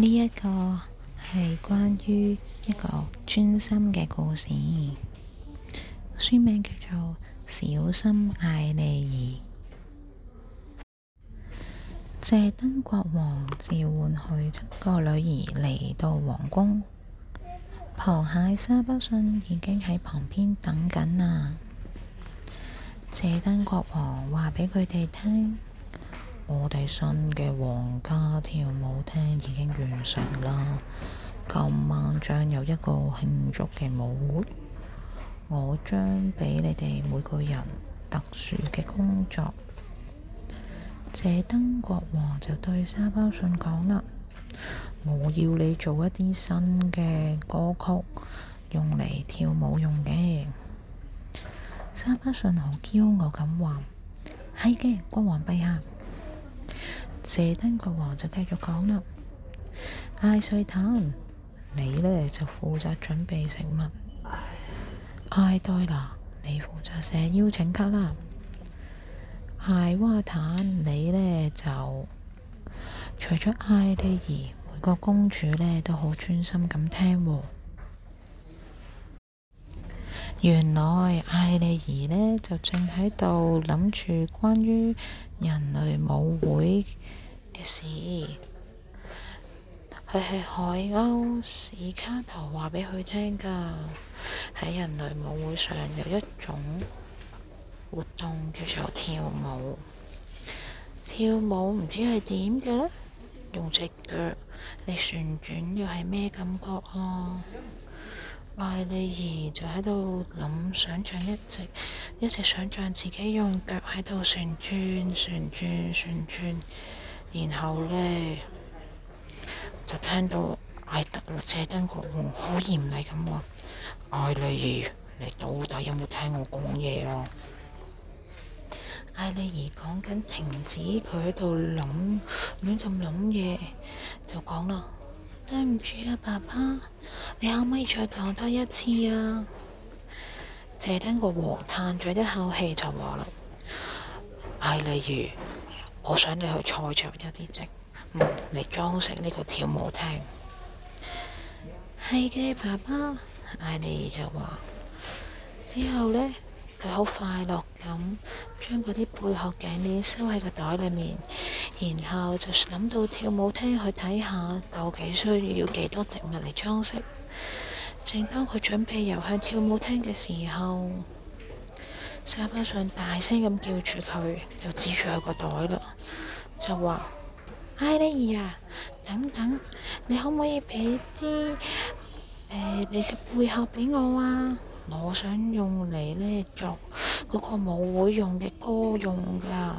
呢一個係關於一個專心嘅故事，書名叫做《小心艾莉兒》。謝登國王召喚佢七個女兒嚟到皇宮，螃蟹沙不信已經喺旁邊等緊啦。謝登國王話畀佢哋聽。我哋新嘅皇家跳舞廳已經完成啦，今晚將有一個慶祝嘅舞會。我將畀你哋每個人特殊嘅工作。謝登國王就對沙包信講啦：我要你做一啲新嘅歌曲，用嚟跳舞用嘅。沙包信好驕傲咁話：係嘅，國王陛下。射燈國王就繼續講啦，艾瑞坦，你呢就負責準備食物；唉艾黛娜，你負責寫邀請卡啦；艾瓦坦，你呢就除咗艾莉兒，每個公主呢都好專心咁聽喎。原來艾莉兒呢，就正喺度諗住關於人類舞會嘅事。佢係海鷗史卡頭話畀佢聽㗎。喺人類舞會上有一種活動叫做跳舞。跳舞唔知係點嘅咧？用隻腳嚟旋轉又係咩感覺啊？艾莉兒就喺度諗，想像，一直一直想像自己用腳喺度旋轉、旋轉、旋轉，然後咧就聽到艾特綠登講好嚴厲咁話，艾莉兒，你到底有冇聽我講嘢啊？艾莉兒講緊停止，佢喺度諗亂咁諗嘢，就講啦。對唔住啊，爸爸，你可唔可以再講多一次啊？謝登個王嘆咗一口氣就話啦。艾莉 兒，我想你去採摘一啲植物嚟裝飾呢個跳舞廳。係嘅， 爸爸。艾莉兒就話 之後呢。佢好快樂咁，將嗰啲貝殼頸鏈收喺個袋裡面，然後就諗到跳舞廳去睇下，究竟需要幾多植物嚟裝飾。正當佢準備游向跳舞廳嘅時候，沙包上大聲咁叫住佢，就指住佢個袋啦，就話：艾莉兒啊， a, 等等，你可唔可以畀啲誒你嘅貝殼畀我啊？我想用嚟咧作嗰個舞會用嘅歌用㗎，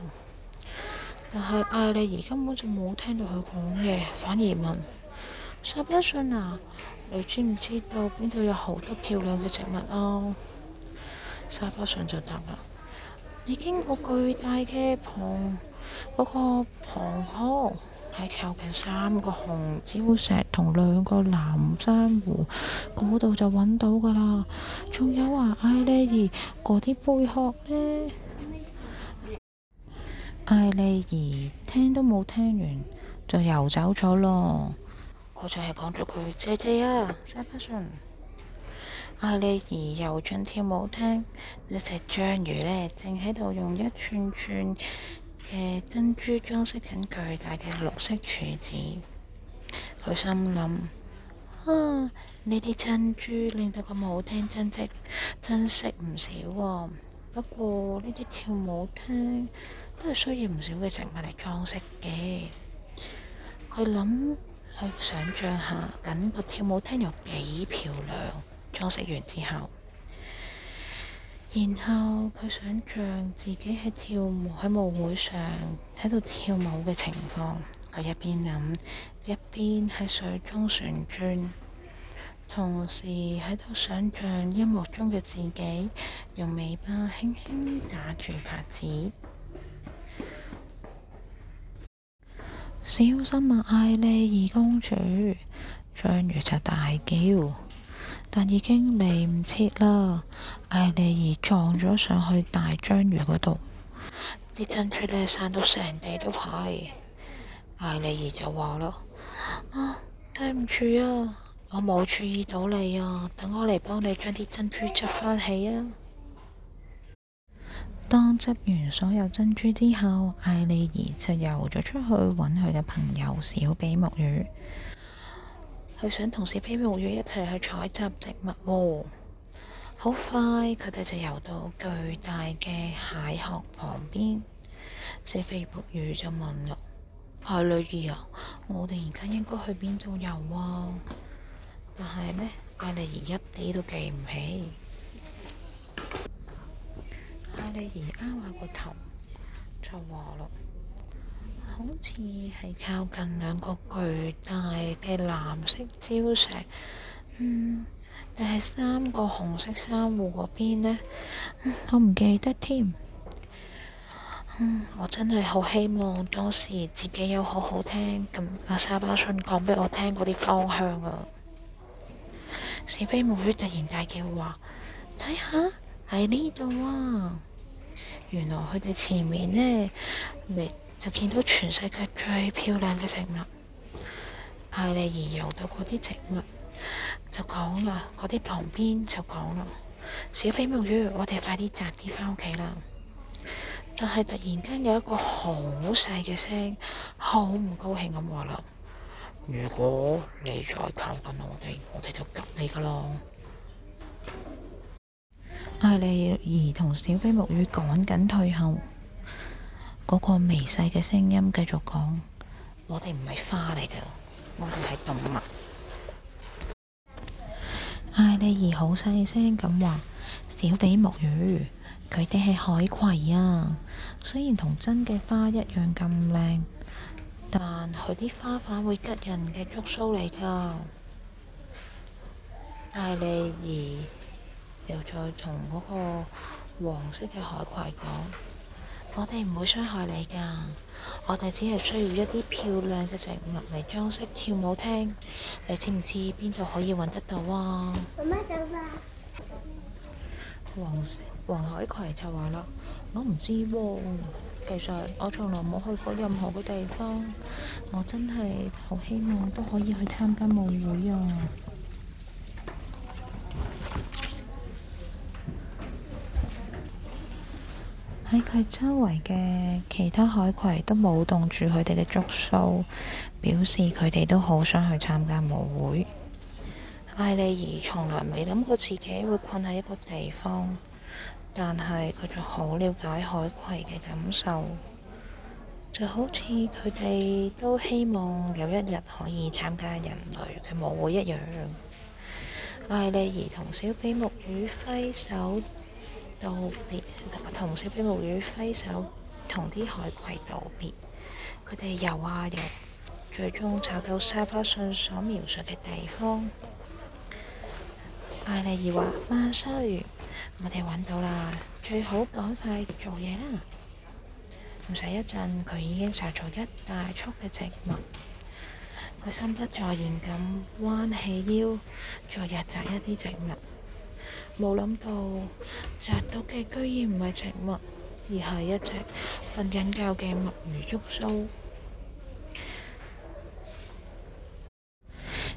但係艾莉兒根本就冇聽到佢講嘢，反而問沙巴信啊，你知唔知道邊度有好多漂亮嘅植物啊？沙巴信就答啦：你經過巨大嘅旁嗰個旁殼。喺靠近三個紅礁石同兩個藍珊瑚，嗰度就揾到噶啦。仲有啊，艾莉兒嗰啲貝殼呢？艾莉兒聽都冇聽完就游走咗咯。佢就係講咗佢姐姐啊，塞巴斯汀。艾莉兒又張天冇聽，一隻章魚呢，正喺度用一串串。嘅珍珠裝飾緊巨大嘅綠色柱子，佢心諗：啊，呢啲珍珠令到個舞廳增色增色唔少喎、啊。不過呢啲跳舞廳都係需要唔少嘅植物嚟裝飾嘅。佢諗，去想像下緊個跳舞廳有幾漂亮，裝飾完之後。然後佢想像自己喺跳舞喺舞會上喺度跳舞嘅情況，佢一邊諗一邊喺水中旋轉，同時喺度想像音樂中嘅自己，用尾巴輕輕打住拍子。小心啊，艾莉兒公主！章魚就大叫。」但已經嚟唔切啦！艾莉兒撞咗上去大章魚嗰度，啲珍珠咧散到成地都係。艾莉兒就話囉，啊，對唔住啊，我冇注意到你啊，等我嚟幫你將啲珍珠執返起啊！當執完所有珍珠之後，艾莉兒就游咗出去揾佢嘅朋友小比目魚。佢想同小比目魚一齊去採集植物喎，好快佢哋就游到巨大嘅蟹殼旁邊。小比目魚就問啦：阿、啊、艾莉兒啊，我哋而家應該去邊度遊啊？但係呢，阿兒、啊、艾莉兒一啲都記唔起。艾莉兒撓下個頭就了，就話啦。好似係靠近兩個巨大嘅藍色礁石，嗯，定係三個紅色珊瑚嗰邊呢，嗯、我唔記得添、嗯。我真係好希望當時自己有好好聽咁阿、嗯、沙巴遜講畀我聽嗰啲方向啊！是 非木魚突然大叫話：「睇下喺呢度啊！原來佢哋前面呢。就見到全世界最漂亮嘅植物。艾莉兒游到嗰啲植物，就講啦，嗰啲旁邊就講啦，小飛木魚，我哋快啲摘啲返屋企啦！但係突然間有一個好細嘅聲，好唔高興咁話啦：如果你再靠近我哋，我哋就撳你㗎囉！艾莉兒同小飛木魚趕緊退後。嗰個微細嘅聲音繼續講：我哋唔係花嚟嘅，我哋係動物。艾莉兒好細聲咁話：小比目魚，佢哋係海葵啊！雖然同真嘅花一樣咁靚，但佢啲花瓣會拮人嘅觸鬚嚟㗎。艾莉兒又再同嗰個黃色嘅海葵講。我哋唔會傷害你噶，我哋只係需要一啲漂亮嘅食物嚟裝飾跳舞廳。你知唔知邊度可以搵得到啊？媽黃海葵就話啦，我唔知喎，啊，其實我從來冇去過任何嘅地方，我真係好希望都可以去參加舞會啊！佢周圍嘅其他海葵都舞動住佢哋嘅觸鬚，表示佢哋都好想去參加舞會。艾莉兒從來未諗過自己會困喺一個地方，但係佢就好了解海葵嘅感受，就好似佢哋都希望有一日可以參加人類嘅舞會一樣。艾莉兒同小比目魚揮手。道別，同小飛毛腿揮手，同啲海葵道別。佢哋游啊游，最終找到沙發信所描述嘅地方。艾莉兒話：萬歲！我哋揾到啦，最好趕快做嘢啦。唔使一陣，佢已經摘咗一大束嘅植物。佢心不在焉咁彎起腰，再日摘一啲植物。冇諗到摘到嘅居然唔係植物，而係一隻瞓緊覺嘅墨魚粥鬚。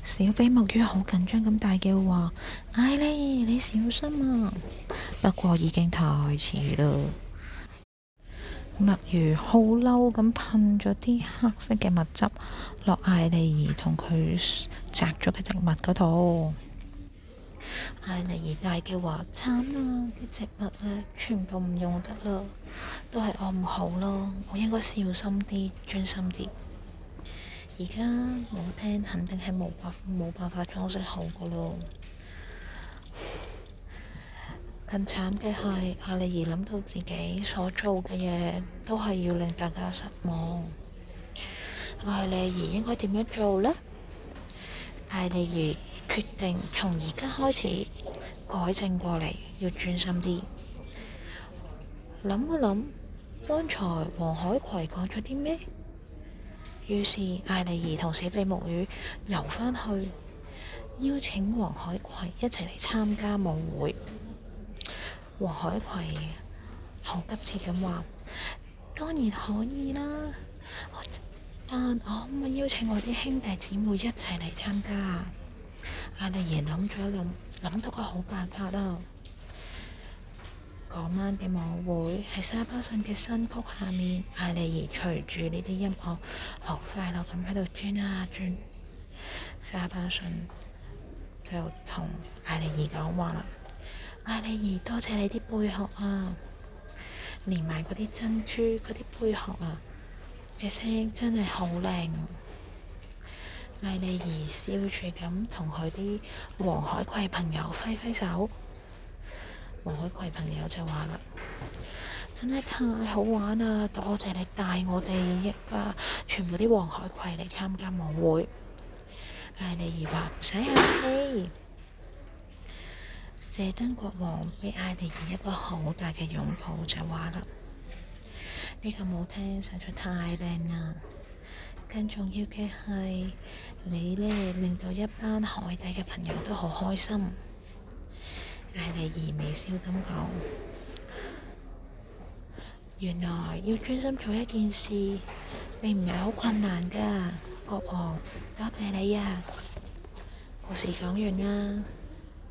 小飛墨魚好緊張咁大叫話：艾莉兒，你小心啊！不過已經太遲啦。墨魚好嬲咁噴咗啲黑色嘅墨汁落艾莉兒同佢摘咗嘅植物嗰度。艾麗兒大叫話：慘啦，啲植物咧，全部唔用得啦，都係我唔好咯，我應該小心啲，專心啲。而家我聽，肯定係冇辦法冇辦法裝飾好個咯。更慘嘅係，艾麗兒諗到自己所做嘅嘢，都係要令大家失望。艾麗兒應該點樣做咧？艾麗兒。決定從而家開始改正過嚟，要專心啲。諗一諗，剛才黃海葵講咗啲咩？於是艾莉兒同死貝木魚遊返去，邀請黃海葵一齊嚟參加舞會。黃海葵好急切咁話：當然可以啦，但我可唔可以邀請我啲兄弟姊妹一齊嚟參加啊？艾麗兒諗咗一諗，諗到個好辦法啦。嗰晚嘅舞會喺沙巴遜嘅新曲下面，艾麗兒隨住呢啲音樂好快樂咁喺度轉啊轉。沙巴遜就同艾麗兒講話啦：艾麗兒，多謝你啲貝殼啊，連埋嗰啲珍珠、嗰啲貝殼啊，嘅聲音真係好靚啊。艾莉兒笑住咁同佢啲黃海葵朋友揮揮手，黃海葵朋友就話啦：真係太好玩啦！多謝，謝你帶我哋一家全部啲黃海葵嚟參加舞會。艾莉兒話：唔使客氣。謝登國王畀艾莉兒一個好大嘅擁抱就，就話啦：呢個舞廳實在太靚啦！更重要嘅係，你咧令到一班海底嘅朋友都好開心，艾莉兒微笑咁講：原來要專心做一件事並唔係好困難㗎，國王，多謝你呀！故事講完啦。